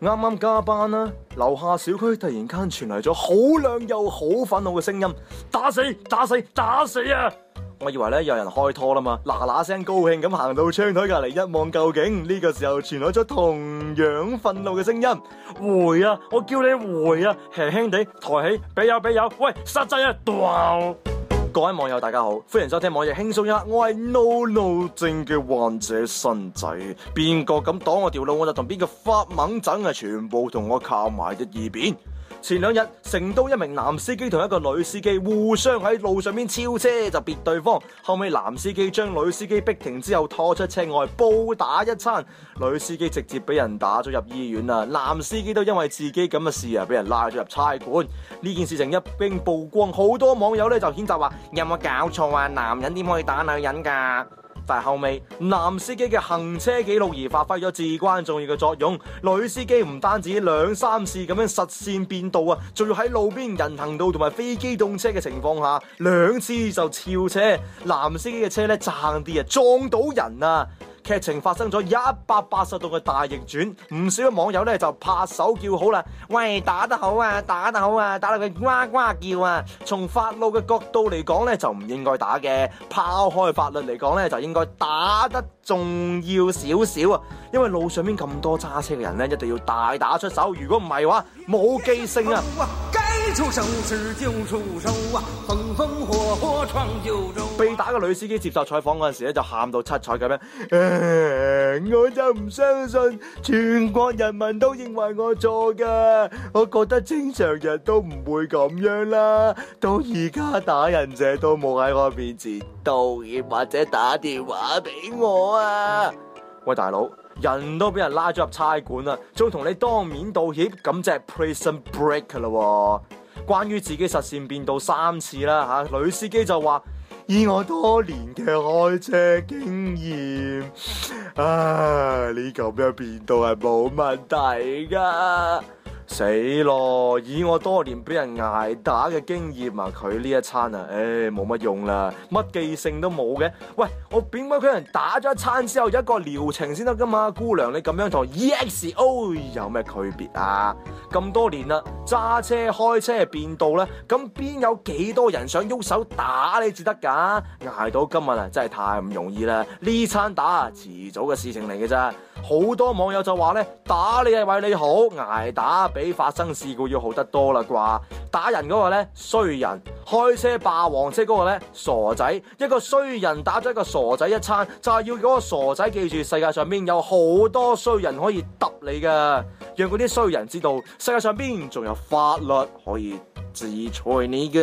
啱啱加班啦、啊，樓下小區突然間傳嚟咗好亮又好憤怒嘅聲音，打死打死打死啊！我以為咧有人開拖啦嘛，嗱嗱聲高興咁行到窗台隔籬一望究竟，呢、這個時候傳嚟咗同樣憤怒嘅聲音，回啊，我叫你回啊，輕輕地抬起，畀油畀油，喂，殺仔啊，掉、呃！各位網友大家好，歡迎收聽網易輕鬆一刻。我係路怒症嘅患者新仔，邊個敢擋我條路，我就同邊個發猛症啊！全部同我靠埋一邊。前兩日，成都一名男司機同一個女司機互相喺路上面超車就別對方，後尾男司機將女司機逼停之後拖出車外暴打一餐，女司機直接俾人打咗入醫院啦，男司機都因為自己咁嘅事啊俾人拉咗入差館。呢件事情一經曝光，好多網友咧就譴責話有冇搞錯啊，男人點可以打女人噶？但後尾，男司機嘅行車記錄儀發揮咗至關重要嘅作用，女司機唔單止兩三次咁樣實線變道啊，仲要喺路邊人行道同埋非機動車嘅情況下，兩次就超車。男司機嘅車咧，爭啲啊，撞到人啊！劇情發生咗一百八十度嘅大逆轉，唔少嘅網友咧就拍手叫好啦！喂，打得好啊，打得好啊，打到佢呱呱叫啊！從法律嘅角度嚟講咧，就唔應該打嘅。拋開法律嚟講咧，就應該打得重要少少啊！因為路上面咁多揸車嘅人咧，一定要大打出手。如果唔係嘅話，冇記性啊！出手時就出手啊！風風火火闖九州。被打嘅女司機接受採訪嗰陣時咧，就喊到七彩咁樣，呃。我就唔相信全國人民都認為我錯噶。我覺得正常人都唔會咁樣啦。到而家打人者都冇喺我面前道歉或者打電話俾我啊！喂，大佬，人都俾人拉咗入差館啦，仲同你當面道歉，咁即係 prison break 啦喎。關於自己實線變道三次啦，嚇，女、啊、司機就話：以我多年嘅開車經驗啊，呢咁樣變道係冇問題㗎。死咯！以我多年俾人挨打嘅經驗啊，佢呢一餐啊，誒、哎，冇乜用啦，乜記性都冇嘅。喂，我點解俾人打咗一餐之後一個療程先得噶嘛？姑娘，你咁樣同 EXO 有咩區別啊？咁多年啦，揸車開車變道咧，咁邊有幾多人想喐手打你至得噶？挨到今日啊，真係太唔容易啦！呢餐打遲早嘅事情嚟嘅咋。好多網友就話咧，打你係為你好，挨打比發生事故要好得多啦啩。打人嗰個咧衰人，開車霸王車嗰個咧傻仔，一個衰人打咗一個傻仔一餐，就係要嗰個傻仔記住世界上邊有好多衰人可以揼你噶，讓嗰啲衰人知道世界上邊仲有法律可以制裁你噶，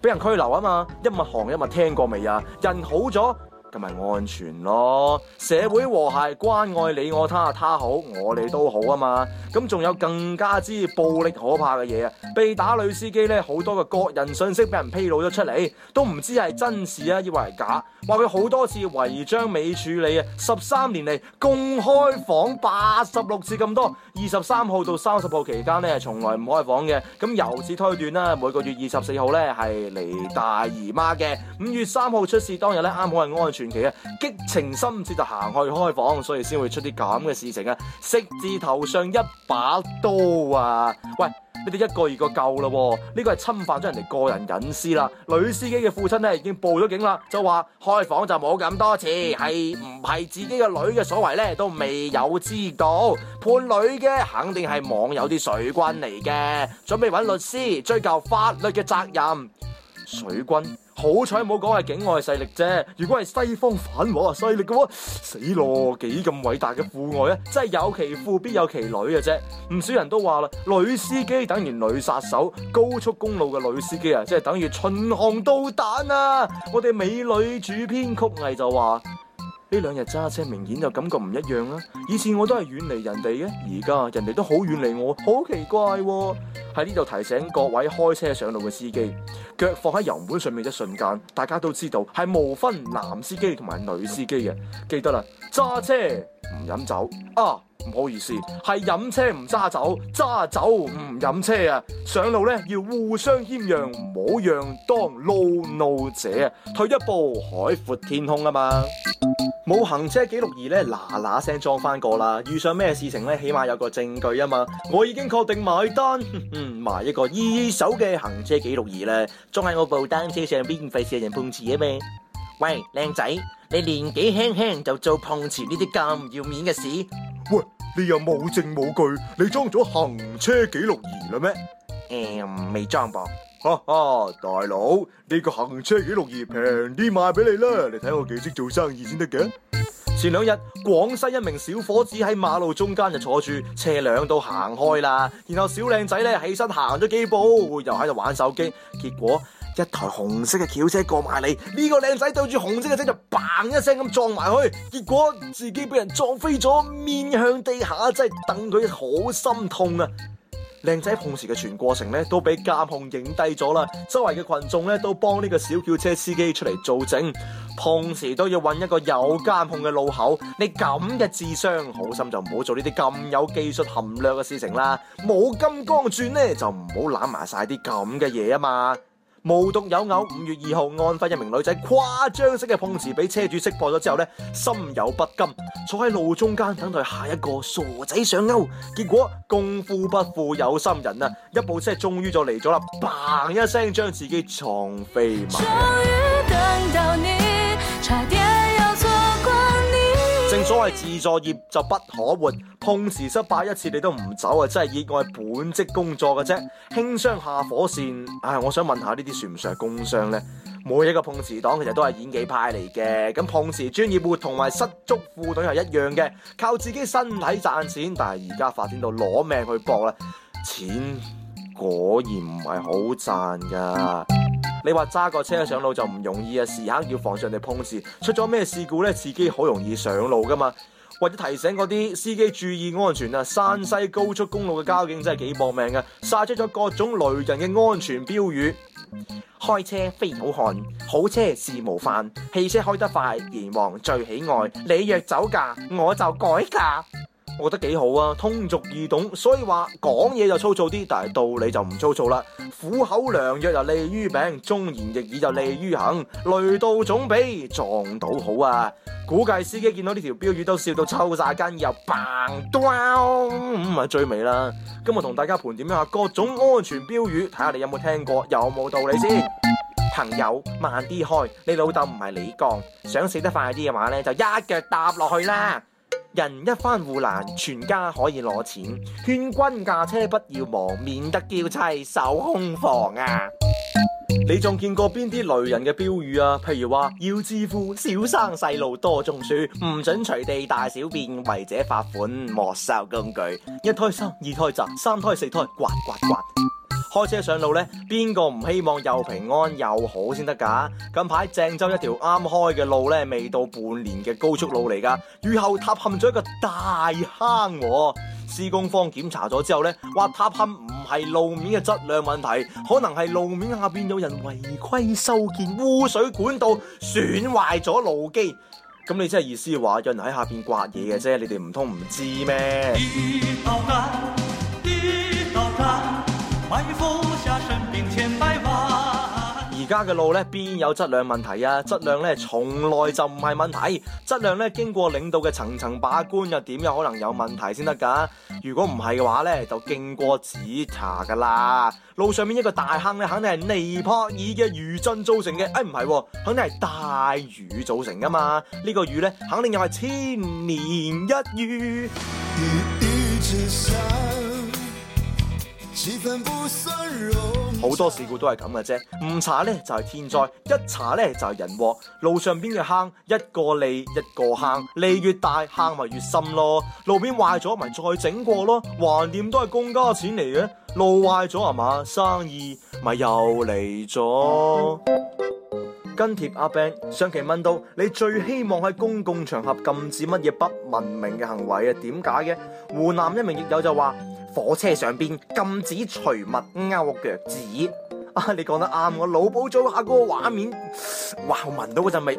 俾人拘留啊嘛，一物降一物，聽過未啊？人好咗。咁咪安全咯，社會和諧，關愛你我他，他好我哋都好啊嘛。咁仲有更加之暴力可怕嘅嘢啊！被打女司機呢，好多嘅個人信息俾人披露咗出嚟，都唔知係真事啊，抑或係假。話佢好多次違章未處理啊，十三年嚟共開房八十六次咁多，二十三號到三十號期間呢，從來唔開房嘅。咁由此推斷啦，每個月二十四號呢係嚟大姨媽嘅。五月三號出事當日呢啱好係安全。傳奇啊！激情深切就行去開房，所以先會出啲咁嘅事情啊！色字頭上一把刀啊！喂，你哋一個二個夠啦！呢個係侵犯咗人哋個人隱私啦！女司機嘅父親呢，已經報咗警啦，就話開房就冇咁多次，係唔係自己嘅女嘅所為呢，都未有知道。判女嘅肯定係網友啲水軍嚟嘅，準備揾律師追究法律嘅責任。水軍好彩冇講係境外勢力啫，如果係西方反華勢力嘅話，死咯！幾咁偉大嘅父愛啊，真係有其父必有其女嘅啫。唔少人都話啦，女司機等於女殺手，高速公路嘅女司機啊，即係等於巡航導彈啊！我哋美女主編曲藝就話。呢兩日揸車明顯就感覺唔一樣啦，以前我都係遠離人哋嘅，而家人哋都好遠離我，好奇怪喎，啊！喺呢度提醒各位開車上路嘅司機，腳放喺油門上面一瞬間，大家都知道係無分男司機同埋女司機嘅，記得啦，揸車唔飲酒啊！唔好意思，係飲車唔揸酒，揸酒唔飲車啊！上路咧，要互相謙讓，唔好讓當路怒者，退一步，海闊天空啊嘛！冇 行車記錄儀咧，嗱嗱聲裝翻個啦。遇上咩事情咧，起碼有個證據啊嘛。我已經確定埋單，嗯，買一個二手嘅行車記錄儀啦，裝喺我部單車上邊，費事人碰瓷嘅咩？喂，靚仔，你年紀輕輕就做碰瓷呢啲咁要面嘅事？喂，你又冇證冇據，你裝咗行車記錄儀啦咩？誒、嗯，未裝吧？哈哈， 大佬，呢個行車記錄儀平啲賣俾你啦，你睇我幾識做生意先得嘅。前兩日，廣西一名小伙子喺馬路中間就坐住車輛都行開啦，然後小靚仔咧起身行咗幾步，又喺度玩手機，結果。一台紅色嘅轎車過埋嚟，呢個靚仔對住紅色嘅車就嘭一聲咁撞埋去，結果自己俾人撞飛咗，面向地下，真係等佢好心痛啊！靚仔碰瓷嘅全過程咧都俾監控影低咗啦，周圍嘅群眾咧都幫呢個小轎車司機出嚟做證。碰瓷都要揾一個有監控嘅路口，你咁嘅智商，好心就唔好做呢啲咁有技術含量嘅事情啦。冇金剛鑽呢，就唔好攬埋晒啲咁嘅嘢啊嘛！無獨有偶，五月二號，安徽一名女仔誇張式嘅碰瓷，俾車主識破咗之後呢，心有不甘，坐喺路中間等待下一個傻仔上勾，結果功夫不負有心人啊，一部車終於就嚟咗啦，砰一聲將自己撞飛。終於等到你。正所謂自作孽就不可活，碰瓷失敗一次你都唔走啊！真係熱愛本職工作嘅啫，輕傷下火線。唉，我想問下呢啲算唔算係工傷呢？每一個碰瓷黨其實都係演技派嚟嘅，咁碰瓷專業戶同埋失足婦女係一樣嘅，靠自己身體賺錢，但係而家發展到攞命去搏啦，錢果然唔係好賺噶。你話揸個車上路就唔容易啊，時刻要防上嚟碰瓷，出咗咩事故呢？自己好容易上路噶嘛。為咗提醒嗰啲司機注意安全啊，山西高速公路嘅交警真係幾搏命嘅，晒出咗各種雷人嘅安全標語。開車非好漢，好車是模範，汽車開得快，閻王最喜愛。你若酒駕，我就改嫁。我覺得幾好啊，通俗易懂，所以話講嘢就粗糙啲，但係道理就唔粗糙啦。苦口良藥就利於病，忠言逆耳就利於行，雷到總比撞到好啊！估計司機見到呢條標語都笑到抽晒筋，又 bang down 咪最尾啦。今日同大家盤點一下各種安全標語，睇下你有冇聽過，有冇道理先。朋友慢啲開，你老豆唔係李剛，想死得快啲嘅話呢，就一腳踏落去啦。人一翻護欄，全家可以攞錢。勸君駕車不要忙，免得嬌妻守空房啊！ 你仲見過邊啲雷人嘅標語啊？譬如話要致富，少生細路多種樹，唔准隨地大小便，違者罰款沒收工具。一胎生，二胎集，三胎四胎刮刮刮。開車上路咧，邊個唔希望又平安又好先得噶？近排鄭州一條啱開嘅路咧，未到半年嘅高速路嚟噶，雨後塌陷咗一個大坑。施工方檢查咗之後咧，話塌陷唔係路面嘅質量問題，可能係路面下邊有人違規修建污水管道，損壞咗路基。咁你真係意思話有人喺下邊刮嘢嘅啫？你哋唔通唔知咩？ 而家嘅路咧，邊有質量問題啊？質量咧，從來就唔係問題。質量咧，經過領導嘅層層把關，又點有可能有問題先得噶？如果唔係嘅話咧，就經過指查噶啦。路上面一個大坑咧，肯定係尼泊爾嘅餘震造成嘅。哎，唔係、啊，肯定係大雨造成噶嘛？這個、呢個雨咧，肯定又係千年一遇，雨。好多事故都係咁嘅啫，唔查呢就係天災，一查呢就係人禍。路上邊嘅坑，一個利一個坑，利越大坑咪越深咯。路邊壞咗咪再整過咯，橫掂都係公家錢嚟嘅，路壞咗啊嘛，生意咪又嚟咗。跟帖阿 Ben 上期問到你最希望喺公共場合禁止乜嘢不文明嘅行為啊？點解嘅？湖南一名易友就話火車上邊禁止隨物勾腳趾。啊，你講得啱，我腦補咗下嗰個畫面，哇，我聞到嗰陣味。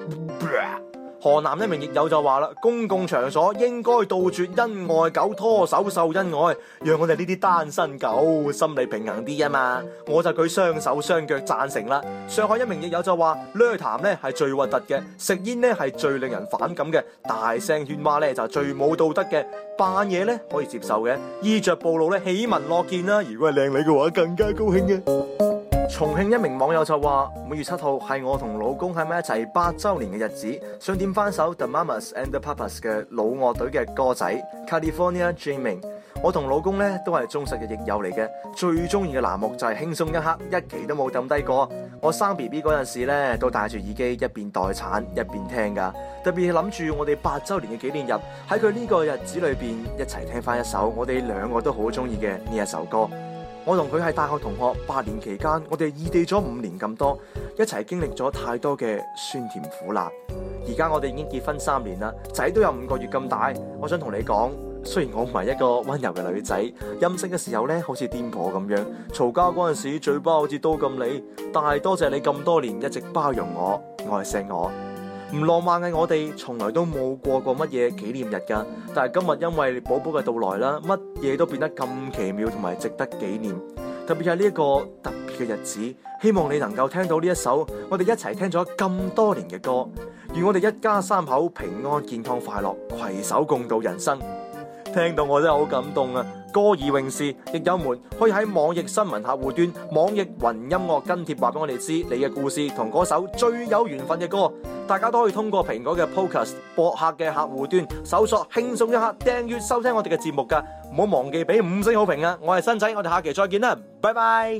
河南一名亦友就話啦，公共場所應該杜絕恩愛狗拖手秀恩愛，讓我哋呢啲單身狗心理平衡啲啊嘛！我就舉雙手雙腳贊成啦。上海一名亦友就話，撩痰咧係最核突嘅，食煙咧係最令人反感嘅，大聲喧嘩咧就最冇道德嘅，扮嘢咧可以接受嘅，衣着暴露咧喜聞樂見啦，如果係靚女嘅話更加高興嘅。重慶一名網友就話，每月七號係我同老公喺埋一齊八周年嘅日子，想點翻首 The Mamas and the Papas 嘅老樂隊嘅歌仔《California Dreaming》。我同老公咧都係忠實嘅益友嚟嘅，最中意嘅欄目就係輕鬆一刻，一期都冇抌低過。我生 B B 嗰陣時咧都戴住耳機一邊待產一邊聽噶。特別係諗住我哋八周年嘅紀念日喺佢呢個日子裏邊一齊聽翻一首我哋兩個都好中意嘅呢一首歌。我同佢係大學同學，八年期間我哋異地咗五年咁多，一齊經歷咗太多嘅酸甜苦辣。而家我哋已經結婚三年啦，仔都有五個月咁大。我想同你講，雖然我唔係一個温柔嘅女仔，任性嘅時候呢好似癲婆咁樣，嘈交嗰陣時嘴巴好似刀咁利，但係多謝你咁多年一直包容我、愛錫我。唔浪漫嘅我哋，從來都冇過過乜嘢紀念日㗎。但係今日因為寶寶嘅到來啦，乜嘢都變得咁奇妙同埋值得紀念。特別係呢一個特別嘅日子，希望你能夠聽到呢一首我哋一齊聽咗咁多年嘅歌。願我哋一家三口平安健康快樂，攜手共度人生。聽到我真係好感動啊！歌以詠志，亦友們可以喺網易新聞客戶端、網易雲音樂跟帖話俾我哋知你嘅故事同嗰首最有緣分嘅歌。大家都可以通過蘋果嘅 Podcast 播客嘅客戶端搜索，輕鬆一刻訂閱收聽我哋嘅節目噶。唔好忘記俾五星好評啊！我係新仔，我哋下期再見啦，拜拜。